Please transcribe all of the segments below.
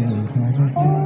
Yeah.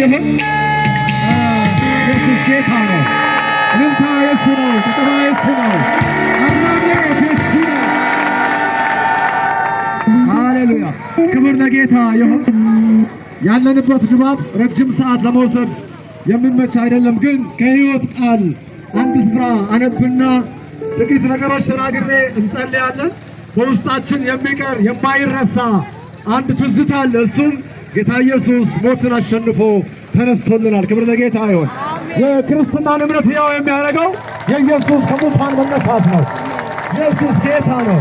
ይህ ኢየሱስ ጌታ ነው። ልምታ የሱ ነው። ጥቅማ የሱ ነው። ሃሌሉያ ክብር ለጌታ ይሁን። ያለንበት ድባብ ረጅም ሰዓት ለመውሰድ የሚመች አይደለም፣ ግን ከሕይወት ቃል አንድ ስፍራ አነብና ጥቂት ነገሮች ተናግሬ እንጸልያለን። በውስጣችን የሚቀር የማይረሳ አንድ ትዝታ አለ እሱም ጌታ ኢየሱስ ሞትን አሸንፎ ተነስቶልናል። ክብር ለጌታ ይሁን። የክርስትናን እምነት ሕያው የሚያደርገው የኢየሱስ ከሙታን መነሳት ነው። ኢየሱስ ጌታ ነው።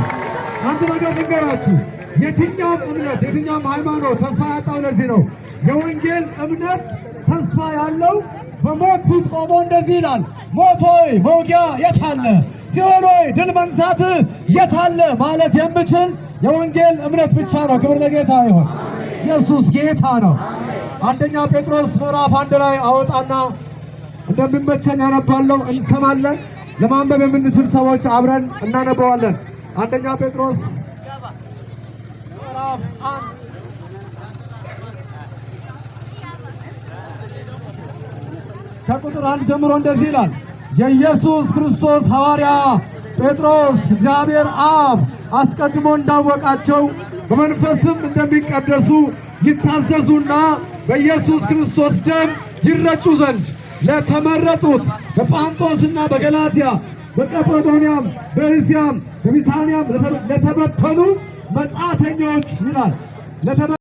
አንድ ነገር ልንገራችሁ፣ የትኛውም እምነት የትኛውም ሃይማኖት ተስፋ ያጣው ለዚህ ነው። የወንጌል እምነት ተስፋ ያለው በሞት ፊት ቆሞ እንደዚህ ይላል፣ ሞት ሆይ መውጊያ የት አለ? ሲኦል ሆይ ድል መንሳት የት አለ? ማለት የምችል የወንጌል እምነት ብቻ ነው። ክብር ለጌታ ይሁን። ኢየሱስ ጌታ ነው። አንደኛ ጴጥሮስ ምዕራፍ አንድ ላይ አወጣና እንደሚመቸን ያነባለሁ፣ እንሰማለን። ለማንበብ የምንችል ሰዎች አብረን እናነበዋለን። አንደኛ ጴጥሮስ ምዕራፍ አንድ ከቁጥር አንድ ጀምሮ እንደዚህ ይላል። የኢየሱስ ክርስቶስ ሐዋርያ ጴጥሮስ እግዚአብሔር አብ አስቀድሞ እንዳወቃቸው በመንፈስም እንደሚቀደሱ ይታዘዙና በኢየሱስ ክርስቶስ ደም ይረጩ ዘንድ ለተመረጡት በጳንጦስና በገላትያ በቀጰዶንያም በእስያም በቢታንያም ለተበተኑ መጻተኞች ይላል።